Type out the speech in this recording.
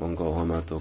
Onko huomautuksia?